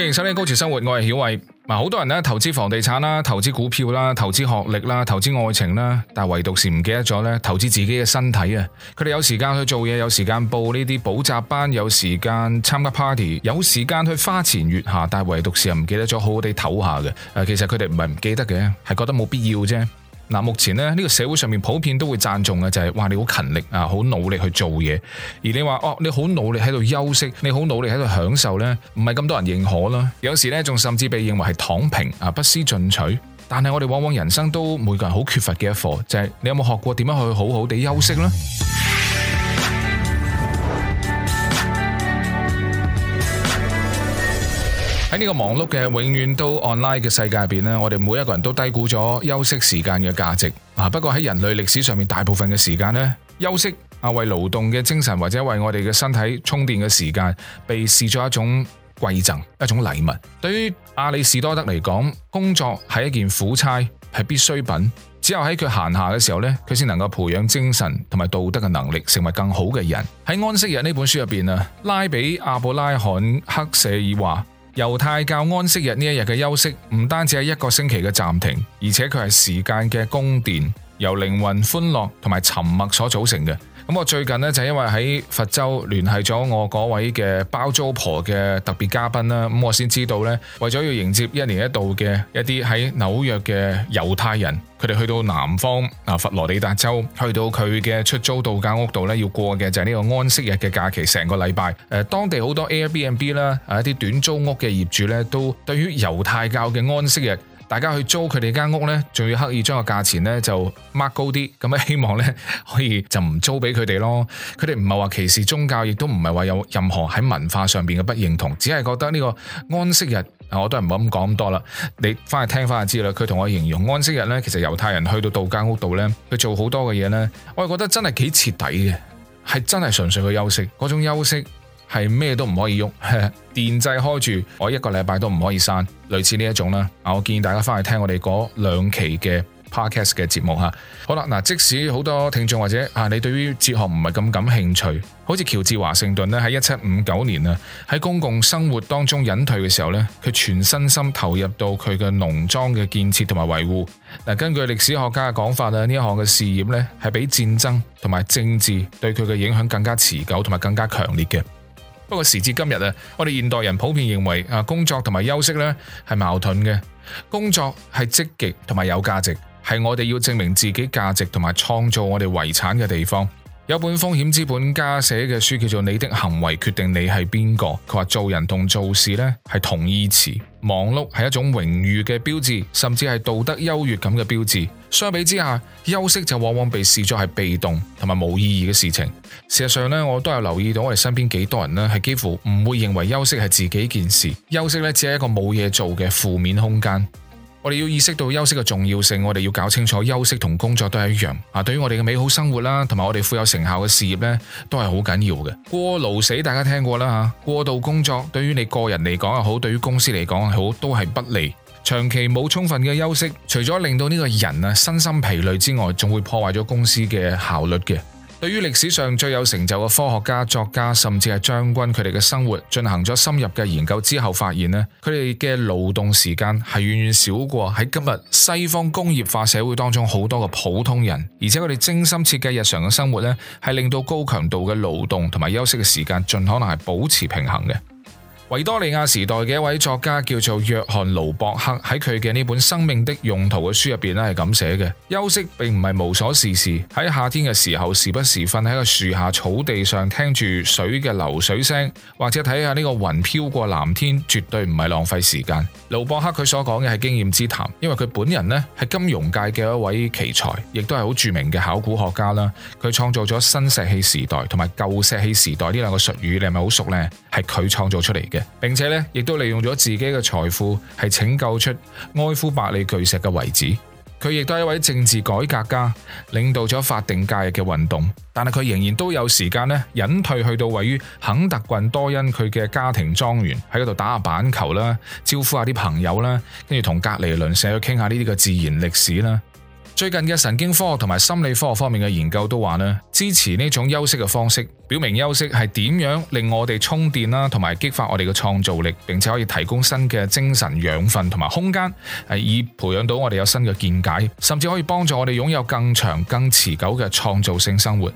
歡迎收聽高潮生活，我係曉偉。嗱，好多人咧投資房地產啦，投資股票啦，投資學歷啦，投資愛情啦，但係唯獨是唔記得咗咧投資自己嘅身體啊！佢哋有時間去做嘢，有時間報呢啲補習班，有時間參加 party，有時間去花前月下，但係唯獨是唔記得咗好好地唞下嘅。其實佢哋唔係唔記得嘅，係覺得冇必要啫。嗱，目前咧呢個社會上面普遍都會讚頌嘅就係，哇！你好勤力啊，好努力去做嘢，而你話哦，你好努力喺度休息，你好努力喺度享受呢，唔係咁多人認可啦。有時呢，仲甚至被認為係躺平啊，不思進取。但係我哋往往人生都每個人好缺乏嘅一課，就係你有冇學過點樣去好好地休息呢？喺呢個忙碌嘅、永遠都 online 嘅世界入面，呢我哋每一個人都低估咗休息時間嘅價值啊！不過喺人類歷史上面，大部分嘅時間呢，休息啊、為勞動嘅精神或者為我哋嘅身體充電嘅時間，被視作一種饋贈、一種禮物。對於亞里士多德嚟講，工作係一件苦差，係必需品。只有喺佢閒暇嘅時候呢，佢先能夠培養精神同埋道德嘅能力，成為更好嘅人。喺《安息日》呢本書入面，啊，拉比阿布拉罕赫舍爾話。猶太教安息日呢一日嘅休息，唔單止係一個星期嘅暫停，而且佢係時間嘅宮殿，由靈魂歡樂同埋沉默所組成嘅。咁我最近呢，就因為喺佛州聯繫咗我嗰位嘅包租婆嘅特別嘉賓啦，咁我先知道呢，為咗要迎接一年一度嘅一啲喺紐約嘅猶太人，佢哋去到南方啊，佛羅里達州，去到佢嘅出租度假屋度呢，要過嘅就係呢個安息日嘅假期，成個禮拜。誒，當地好多 Airbnb 啦，啊，一啲短租屋嘅業主呢，都對於猶太教嘅安息日。大家去租佢哋間屋呢，仲要刻意將個價錢呢就掹高啲，咁啊希望呢可以就唔租俾佢哋咯。佢哋唔係話歧視宗教，亦都唔係話有任何喺文化上邊嘅不認同，只係覺得呢個安息日，我都係唔好咁講咁多啦。你翻去聽翻就知啦。佢同我形容安息日呢，其實猶太人去到道間屋度呢，佢做好多嘅嘢呢，我係覺得真係幾徹底嘅，係真係純粹去休息，嗰種休息。係咩都唔可以喐， 電掣開住，我一個禮拜都唔可以刪，類似呢一種啦。啊，我建議大家翻去聽我哋嗰兩期嘅 podcast 嘅節目嚇。好啦，嗱，即使好多聽眾或者啊，你對於哲學唔係咁感興趣，好似喬治華盛頓呢，喺一七五九年啊，喺公共生活當中隱退嘅時候呢，佢全身心投入到佢嘅農莊嘅建設同埋維護嗱。根據歷史學家嘅講法啊，呢一項嘅事業呢，係比戰爭同埋政治對佢嘅影響更加持久同埋更加強烈嘅。不過時至今日啊，我哋現代人普遍認為啊，工作同埋休息呢係矛盾嘅。工作係積極同埋有價值，係我哋要證明自己價值同埋創造我哋遺產嘅地方。有本風險資本家寫嘅書叫做《你的行為決定你係邊個》，佢話做人同做事呢係同義詞。忙碌係一種榮譽嘅標誌，甚至係道德優越感嘅標誌。相比之下，休息就往往被視作係被動同埋冇意義嘅事情。事實上呢，我都有留意到我哋身邊幾多人呢係幾乎唔會認為休息係自己件事，休息呢，只係一個冇嘢做嘅負面空間。我哋要意識到休息嘅重要性，我哋要搞清楚休息同工作都係一樣。啊，對於我哋嘅美好生活啦，同埋我哋富有成效嘅事業咧，都係好緊要嘅。過勞死大家聽過啦嚇，過度工作對於你個人嚟講又好，對於公司嚟講又好都係不利。長期冇充分嘅休息，除咗令到呢個人啊身心疲累之外，仲會破壞咗公司嘅效率嘅。對於歷史上最有成就嘅科學家、作家，甚至係將軍，佢哋嘅生活進行咗深入嘅研究之後，發現呢，佢哋嘅勞動時間係遠遠少過喺今日西方工業化社會當中好多嘅普通人，而且佢哋精心設計的日常嘅生活呢，係令到高強度嘅勞動同埋休息嘅時間盡可能係保持平衡嘅。維多利亞時代嘅一位作家叫做約翰盧博克，喺佢嘅呢本《生命的用途》嘅書入邊咧係咁寫嘅：休息並唔係無所事事。喺夏天嘅時候，時不時瞓喺個樹下草地上，聽住水嘅流水聲，或者睇下呢個雲飄過藍天，絕對唔係浪費時間。盧博克佢所講嘅係經驗之談，因為佢本人呢係金融界嘅一位奇才，亦都係好著名嘅考古學家啦。佢創造咗新石器時代同埋舊石器時代呢兩個術語，你係咪好熟呢？係佢創造出嚟嘅。並且咧，亦都利用咗自己嘅財富，係拯救出埃夫百里巨石嘅遺址。佢亦都係一位政治改革家，領導咗法定假日嘅運動。但係佢仍然都有時間咧，隱退去到位於肯特郡多恩佢嘅家庭莊園，喺度打下板球啦，招呼下啲朋友啦，跟住同隔籬鄰舍去傾下呢啲嘅自然歷史啦。最近嘅神經科學同埋心理科學方面嘅研究都話呢，支持呢種休息嘅方式，表明休息係點樣令我哋充電啦，同埋激發我哋嘅創造力，並且可以提供新嘅精神養分同埋空間，係以培養到我哋有新嘅見解，甚至可以幫助我哋擁有更長、更持久嘅創造性生活。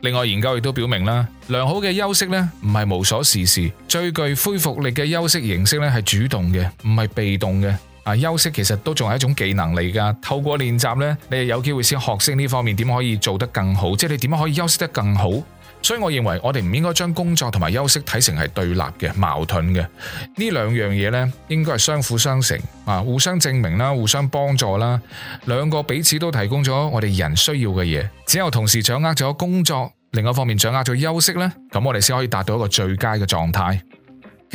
另外，研究亦都表明啦，良好嘅休息呢，唔係無所事事，最具恢復力嘅休息形式呢，係主動嘅，唔係被動嘅。啊！休息其實都仲係一種技能嚟㗎，透過練習呢，你哋有機會先學識呢方面點可以做得更好，即係你點樣可以休息得更好。所以，我認為我哋唔應該將工作同埋休息睇成係對立嘅、矛盾嘅。呢兩樣嘢呢，應該係相輔相成啊，互相證明啦，互相幫助啦，兩個彼此都提供咗我哋人需要嘅嘢。只有同時掌握咗工作，另一方面掌握咗休息呢，咁我哋先可以達到一個最佳嘅狀態。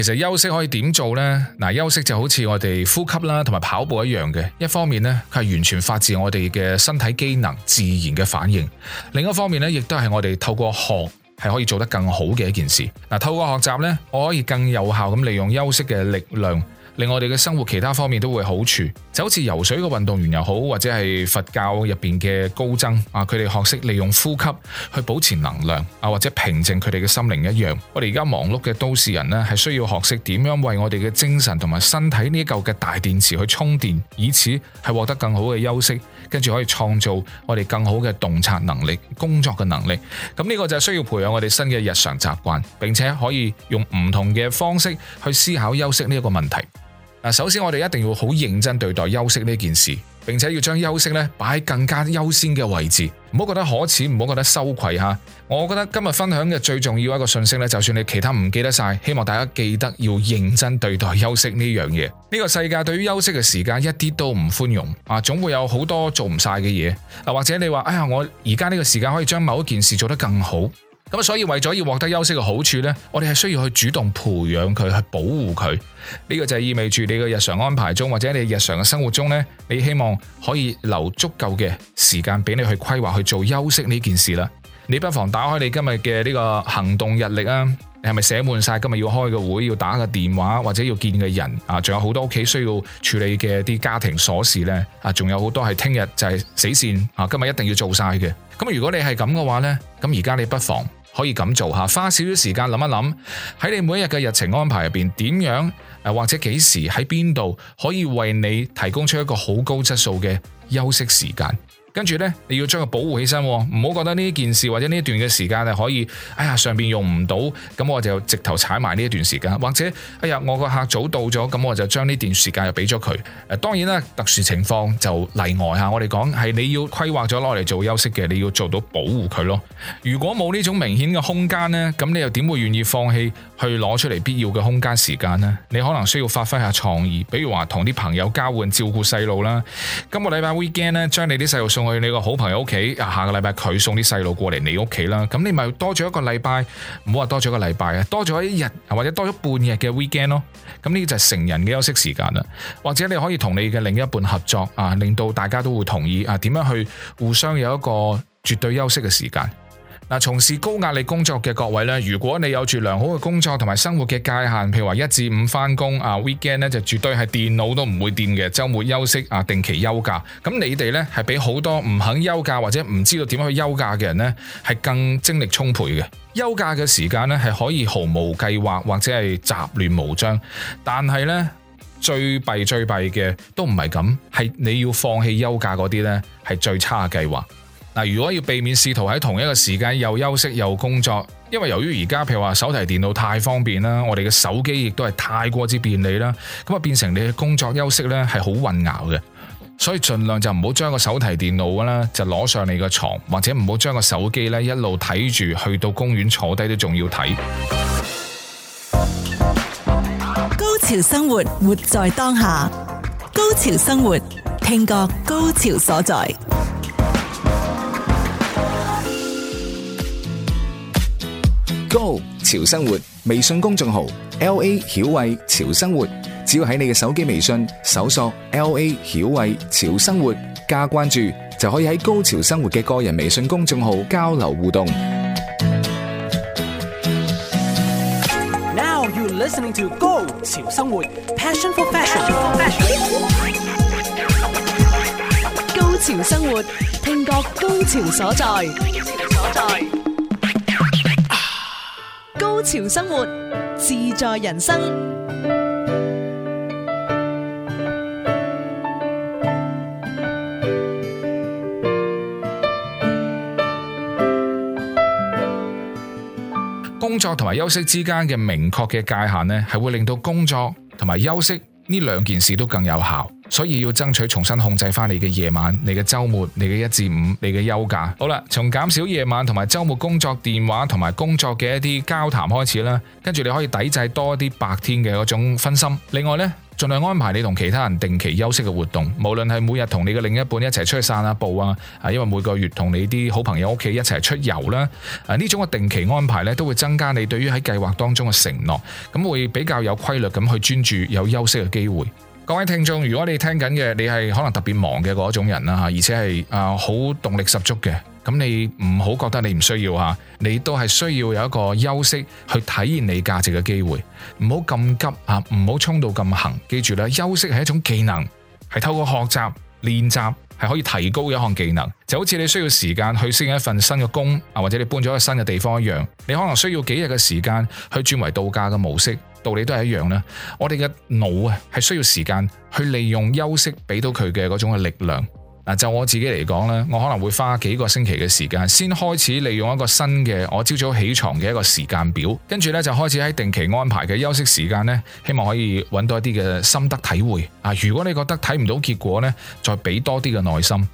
其實休息可以點做呢？嗱、呃，休息就好似我哋呼吸啦，同埋跑步一樣嘅。一方面呢，佢係完全發自我哋嘅身體機能自然嘅反應；另一方面呢，亦都係我哋透過學係可以做得更好嘅一件事。嗱、呃，透過學習呢，我可以更有效咁利用休息嘅力量。令我哋嘅生活其他方面都會好處，就好似游水嘅運動員又好，或者係佛教入邊嘅高僧啊，佢哋學識利用呼吸去保持能量啊，或者平靜佢哋嘅心靈一樣。我哋而家忙碌嘅都市人呢，係需要學識點樣為我哋嘅精神同埋身體呢一嚿嘅大電池去充電，以此係獲得更好嘅休息，跟住可以創造我哋更好嘅洞察能力、工作嘅能力。咁呢個就係需要培養我哋新嘅日常習慣，並且可以用唔同嘅方式去思考休息呢一個問題。首先我哋一定要好認真對待休息呢件事，並且要將休息咧擺喺更加優先嘅位置，唔好覺得可恥，唔好覺得羞愧吓。我覺得今日分享嘅最重要一個訊息咧，就算你其他唔記得晒，希望大家記得要認真對待休息呢樣嘢。呢個世界對於休息嘅時間一啲都唔寬容啊，總會有好多做唔晒嘅嘢。啊，或者你話，哎呀，我而家呢個時間可以將某一件事做得更好。咁所以為咗要獲得休息嘅好處咧，我哋係需要去主動培養佢，去保護佢。呢個就意味住你嘅日常安排中，或者你日常嘅生活中咧，你希望可以留足夠嘅時間俾你去規劃去做休息呢件事啦。你不妨打開你今日嘅呢個行動日曆啊，你係咪寫滿晒今日要開個會、要打個電話或者要見嘅人啊？仲有好多屋企需要處理嘅啲家庭瑣事咧啊？仲有好多係聽日就係死線啊！今日一定要做晒嘅。咁如果你係咁嘅話咧，咁而家你不妨。可以咁做，花少少時間諗一諗，喺你每一日嘅日程安排入面點樣，或者幾時喺邊度可以為你提供出一個好高質素嘅休息時間。跟住呢，你要將佢保護起身喎，唔好覺得呢件事或者呢段嘅時間係可以，哎呀上邊用唔到，咁我就直頭踩埋呢一段時間，或者哎呀我個客早到咗，咁我就將呢段時間又俾咗佢。誒、呃、當然啦，特殊情況就例外嚇。我哋講係你要規劃咗攞嚟做休息嘅，你要做到保護佢咯。如果冇呢種明顯嘅空間呢，咁你又點會願意放棄去攞出嚟必要嘅空間時間呢？你可能需要發揮下創意，比如話同啲朋友交換照顧細路啦。今個禮拜 weekend 呢，將你啲細路送。去你個好朋友屋企啊，下個禮拜佢送啲細路過嚟你屋企啦。咁你咪多咗一個禮拜，唔好話多咗一個禮拜啊，多咗一日，或者多咗半日嘅 weekend 咯。咁呢個就係成人嘅休息時間啦。或者你可以同你嘅另一半合作啊，令到大家都會同意啊，點樣去互相有一個絕對休息嘅時間。嗱，從事高壓力工作嘅各位咧，如果你有住良好嘅工作同埋生活嘅界限，譬如話一至五返工啊，weekend 咧就絕對係電腦都唔會掂嘅，週末休息啊，定期休假。咁你哋呢係比好多唔肯休假或者唔知道點樣去休假嘅人呢係更精力充沛嘅。休假嘅時間呢係可以毫無計劃或者係雜亂無章，但係呢，最弊最弊嘅都唔係咁，係你要放棄休假嗰啲呢係最差嘅計劃。嗱，如果要避免試圖喺同一個時間又休息又工作，因為由於而家譬如話手提電腦太方便啦，我哋嘅手機亦都係太過之便利啦，咁啊變成你嘅工作休息咧係好混淆嘅，所以盡量就唔好將個手提電腦啦，就攞上你嘅床，或者唔好將個手機咧一路睇住去到公園坐低都仲要睇。高潮生活活在當下，高潮生活聽覺高潮所在。Go 潮生活微信公眾號，L A 曉慧潮生活，只要喺你嘅手機微信搜索 L A 曉慧潮生活加關注，就可以喺高潮生活嘅個人微信公眾號交流互動。Now you listening to Go 潮生活，Passion for fashion，高潮生活，聽覺高潮所在，高潮所在。高潮生活，自在人生。工作同埋休息之間嘅明確嘅界限呢，係會令到工作同埋休息呢兩件事都更有效。所以要爭取重新控制翻你嘅夜晚、你嘅周末、你嘅一至五、你嘅休假。好啦，從減少夜晚同埋周末工作電話同埋工作嘅一啲交談開始啦，跟住你可以抵制多啲白天嘅嗰種分心。另外呢，盡量安排你同其他人定期休息嘅活動，無論係每日同你嘅另一半一齊出去散下步啊，啊，因為每個月同你啲好朋友屋企一齊出遊啦。啊，呢種嘅定期安排呢，都會增加你對於喺計劃當中嘅承諾，咁會比較有規律咁去專注有休息嘅機會。各位聽眾，如果你聽緊嘅，你係可能特別忙嘅嗰種人啦，吓，而且係誒好動力十足嘅，咁你唔好覺得你唔需要吓，你都係需要有一個休息去體驗你價值嘅機會，唔好咁急啊，唔好衝到咁行，記住啦，休息係一種技能，係透過學習練習係可以提高一項技能，就好似你需要時間去適應一份新嘅工啊，或者你搬咗一個新嘅地方一樣，你可能需要幾日嘅時間去轉為度假嘅模式。道理都係一樣啦，我哋嘅腦啊係需要時間去利用休息俾到佢嘅嗰種嘅力量。嗱，就我自己嚟講咧，我可能會花幾個星期嘅時間，先開始利用一個新嘅我朝早起床嘅一個時間表，跟住咧就開始喺定期安排嘅休息時間咧，希望可以揾到一啲嘅心得體會。啊，如果你覺得睇唔到結果咧，再俾多啲嘅耐心。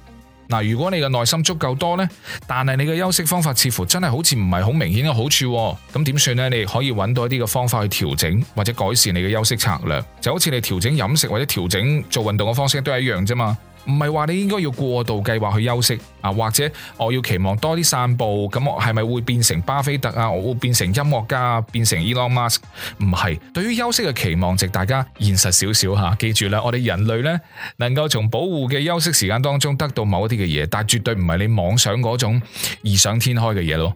嗱，如果你嘅耐心足夠多呢，但係你嘅休息方法似乎真係好似唔係好明顯嘅好處，咁點算呢？你可以揾到一啲嘅方法去調整或者改善你嘅休息策略，就好似你調整飲食或者調整做運動嘅方式都係一樣啫嘛。唔係話你應該要過度計劃去休息啊，或者我要期望多啲散步，咁我係咪會變成巴菲特啊？我會變成音樂家，變成 Elon Musk？唔係，對於休息嘅期望值，大家現實少少吓。記住啦，我哋人類呢，能夠從保護嘅休息時間當中得到某一啲嘅嘢，但係絕對唔係你妄想嗰種異想天開嘅嘢咯。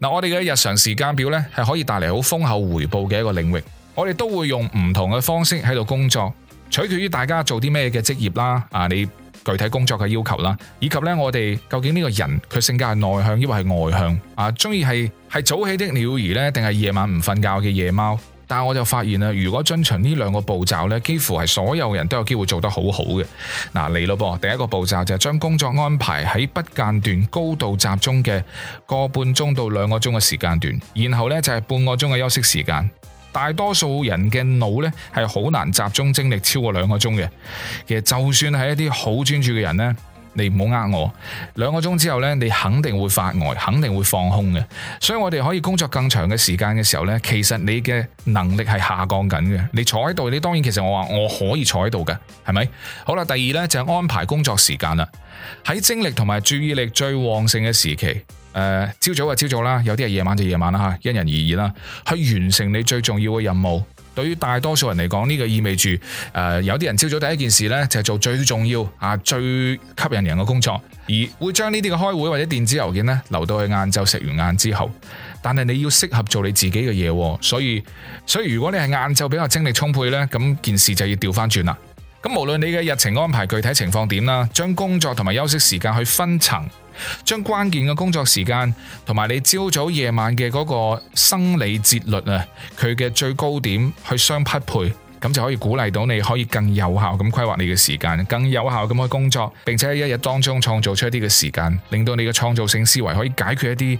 嗱，我哋嘅日常時間表呢，係可以帶嚟好豐厚回報嘅一個領域，我哋都會用唔同嘅方式喺度工作，取決於大家做啲咩嘅職業啦。啊，你。具體工作嘅要求啦，以及咧，我哋究竟呢個人佢性格係內向，抑或係外向啊？中意係係早起的鳥兒咧，定係夜晚唔瞓覺嘅夜貓？但係我就發現啦，如果遵循呢兩個步驟咧，幾乎係所有人都有機會做得好好嘅。嗱，嚟咯噃，第一個步驟就係將工作安排喺不間斷、高度集中嘅個半鐘到兩個鐘嘅時間段，然後呢，就係半個鐘嘅休息時間。大多數人嘅腦呢係好難集中精力超過兩個鐘嘅。其實就算係一啲好專注嘅人呢，你唔好呃，我兩個鐘之後呢，你肯定會發呆、呃，肯定會放空嘅。所以我哋可以工作更長嘅時間嘅時候呢，其實你嘅能力係下降緊嘅。你坐喺度，你當然其實我話我可以坐喺度嘅，係咪？好啦，第二呢就係、是、安排工作時間啦，喺精力同埋注意力最旺盛嘅時期。誒、朝、呃、早就朝早啦，有啲係夜晚就夜晚啦，吓、啊，因人而異啦。去完成你最重要嘅任務，對於大多數人嚟講呢個意味住誒、呃，有啲人朝早第一件事呢，就係、是、做最重要啊最吸引人嘅工作，而會將呢啲嘅開會或者電子郵件呢，留到去晏晝食完晏之後。但係你要適合做你自己嘅嘢，哦，所以所以如果你係晏晝比較精力充沛呢，咁件事就要調返轉啦。咁無論你嘅日程安排具體情況點啦，將工作同埋休息時間去分層，將關鍵嘅工作時間同埋你朝早夜晚嘅嗰個生理節律啊，佢嘅最高點去相匹配，咁就可以鼓勵到你可以更有效咁規劃你嘅時間，更有效咁去工作，並且一日當中創造出一啲嘅時間，令到你嘅創造性思維可以解決一啲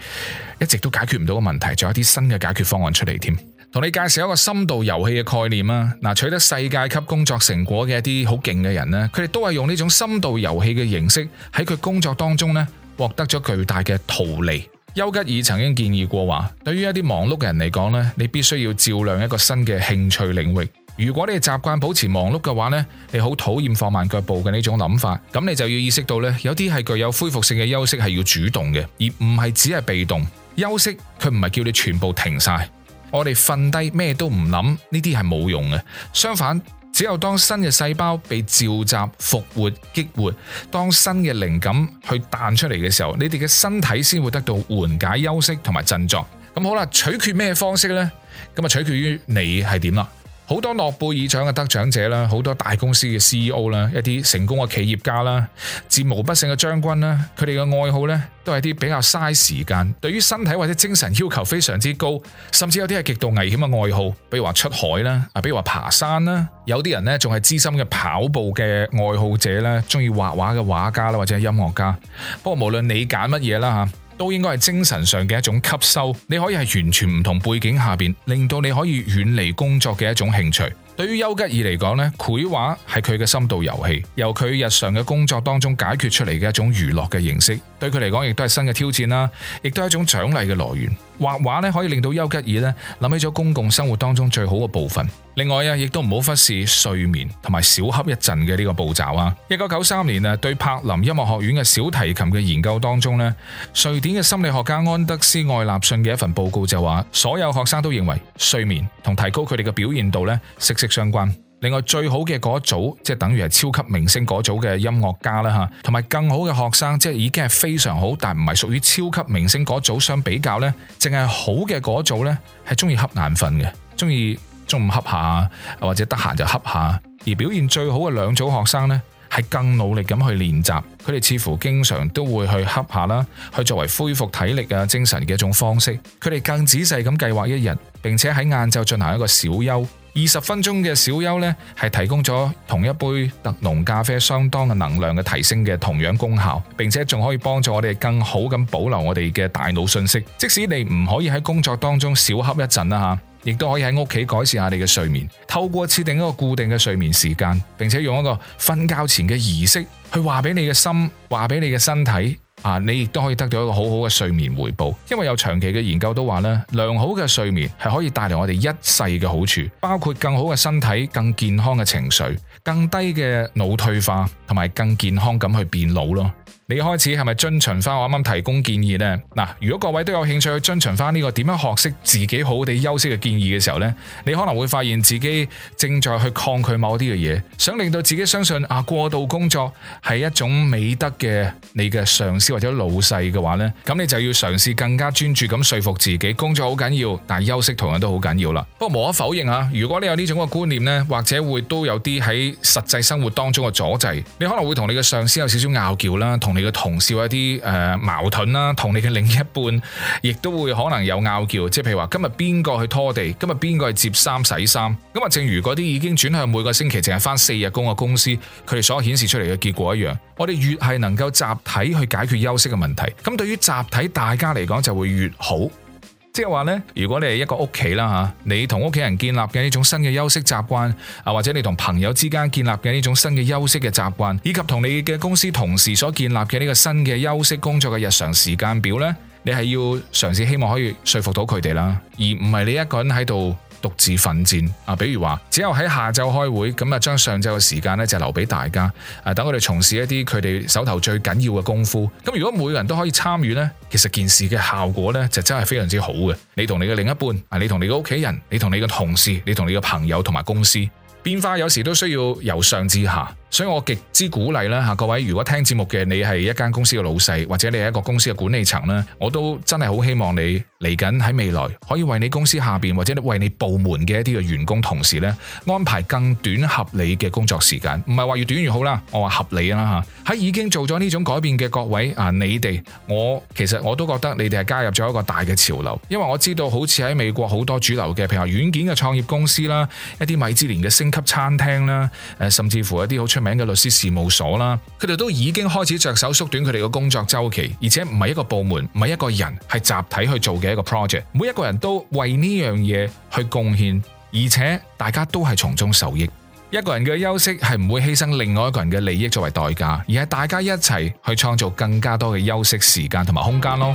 一直都解決唔到嘅問題，仲有啲新嘅解決方案出嚟添。同你介紹一個深度遊戲嘅概念啦。嗱，取得世界級工作成果嘅一啲好勁嘅人呢，佢哋都係用呢種深度遊戲嘅形式喺佢工作當中呢獲得咗巨大嘅圖利。丘吉爾曾經建議過話，對於一啲忙碌嘅人嚟講呢，你必須要照亮一個新嘅興趣領域。如果你係習慣保持忙碌嘅話呢，你好討厭放慢腳步嘅呢種諗法。咁你就要意識到呢，有啲係具有恢復性嘅休息係要主動嘅，而唔係只係被動休息。佢唔係叫你全部停晒。我哋瞓低咩都唔諗，呢啲係冇用嘅。相反，只有當新嘅細胞被召集、復活、激活，當新嘅靈感去彈出嚟嘅時候，你哋嘅身體先會得到緩解、休息同埋振作。咁好啦，取決咩方式呢？咁啊，取決於你係點啦。好多諾貝爾獎嘅得獎者啦，好多大公司嘅 CEO 啦，一啲成功嘅企業家啦，戰無不勝嘅將軍啦，佢哋嘅愛好呢都係啲比較嘥時間，對於身體或者精神要求非常之高，甚至有啲係極度危險嘅愛好，比如話出海啦，啊，比如話爬山啦，有啲人呢仲係資深嘅跑步嘅愛好者啦，中意畫畫嘅畫家啦，或者係音樂家。不過無論你揀乜嘢啦吓。都應該係精神上嘅一種吸收，你可以係完全唔同背景下邊，令到你可以遠離工作嘅一種興趣。對於丘吉爾嚟講咧，繪畫係佢嘅深度遊戲，由佢日常嘅工作當中解決出嚟嘅一種娛樂嘅形式。對佢嚟講，亦都係新嘅挑戰啦，亦都係一種獎勵嘅來源。畫畫咧，可以令到丘吉爾咧，諗起咗公共生活當中最好嘅部分。另外啊，亦都唔好忽視睡眠同埋小恰一陣嘅呢個步驟啊。一九九三年啊，對柏林音樂學院嘅小提琴嘅研究當中咧，瑞典嘅心理學家安德斯·愛立信嘅一份報告就話，所有學生都認為睡眠同提高佢哋嘅表現度咧，係相關。另外最好嘅嗰組，即係等於係超級明星嗰組嘅音樂家啦，吓同埋更好嘅學生，即係已經係非常好，但唔係屬於超級明星嗰組相比較呢，淨係好嘅嗰組呢，係中意瞌眼瞓嘅，中意中午瞌下或者得閒就瞌下。而表現最好嘅兩組學生呢，係更努力咁去練習，佢哋似乎經常都會去瞌下啦，去作為恢復體力啊、精神嘅一種方式。佢哋更仔細咁計劃一日，並且喺晏晝進行一個小休。二十分鐘嘅小休呢，係提供咗同一杯特濃咖啡相當嘅能量嘅提升嘅同樣功效，並且仲可以幫助我哋更好咁保留我哋嘅大腦信息。即使你唔可以喺工作當中小休一陣啦嚇，亦都可以喺屋企改善下你嘅睡眠。透過設定一個固定嘅睡眠時間，並且用一個瞓覺前嘅儀式去話俾你嘅心，話俾你嘅身體。啊！你亦都可以得到一個好好嘅睡眠回報，因為有長期嘅研究都話咧，良好嘅睡眠係可以帶來我哋一世嘅好處，包括更好嘅身體、更健康嘅情緒、更低嘅腦退化，同埋更健康咁去變老咯。你開始係咪遵循翻我啱啱提供建議呢？嗱，如果各位都有興趣去遵循翻呢個點樣學識自己好地休息嘅建議嘅時候呢，你可能會發現自己正在去抗拒某啲嘅嘢，想令到自己相信啊過度工作係一種美德嘅。你嘅上司或者老細嘅話呢，咁你就要嘗試更加專注咁說服自己工作好緊要，但係休息同樣都好緊要啦。不過無可否認啊，如果你有呢種嘅觀念呢，或者會都有啲喺實際生活當中嘅阻滯，你可能會同你嘅上司有少少拗撬啦。同你嘅同事有啲誒矛盾啦，同你嘅另一半亦都會可能有拗撬，即係譬如話今日邊個去拖地，今日邊個去接衫洗衫，咁啊，正如嗰啲已經轉向每個星期淨係返四日工嘅公司，佢哋所顯示出嚟嘅結果一樣，我哋越係能夠集體去解決休息嘅問題，咁對於集體大家嚟講就會越好。即係話呢，如果你係一個屋企啦吓，你同屋企人建立嘅呢種新嘅休息習慣，啊或者你同朋友之間建立嘅呢種新嘅休息嘅習慣，以及同你嘅公司同事所建立嘅呢個新嘅休息工作嘅日常時間表呢，你係要嘗試希望可以說服到佢哋啦，而唔係你一個人喺度。獨自奮戰啊，比如話只有喺下晝開會，咁啊將上晝嘅時間咧就留俾大家，誒等佢哋從事一啲佢哋手頭最緊要嘅功夫。咁如果每個人都可以參與呢，其實件事嘅效果呢，就真係非常之好嘅。你同你嘅另一半，啊你同你嘅屋企人，你同你嘅同事，你同你嘅朋友同埋公司，變化有時都需要由上至下。所以我極之鼓勵啦吓各位，如果聽節目嘅你係一間公司嘅老細或者你係一個公司嘅管理層咧，我都真係好希望你嚟緊喺未來可以為你公司下邊或者你為你部門嘅一啲嘅員工同事咧安排更短合理嘅工作時間，唔係話越短越好啦，我話合理啦吓，喺已經做咗呢種改變嘅各位啊，你哋我其實我都覺得你哋係加入咗一個大嘅潮流，因為我知道好似喺美國好多主流嘅，譬如話軟件嘅創業公司啦，一啲米芝蓮嘅星級餐廳啦，誒甚至乎一啲好出。名嘅律師事務所啦，佢哋都已經開始着手縮短佢哋嘅工作周期，而且唔係一個部門，唔係一個人，係集體去做嘅一個 project。每一個人都為呢樣嘢去貢獻，而且大家都係從中受益。一個人嘅休息係唔會犧牲另外一個人嘅利益作為代價，而係大家一齊去創造更加多嘅休息時間同埋空間咯。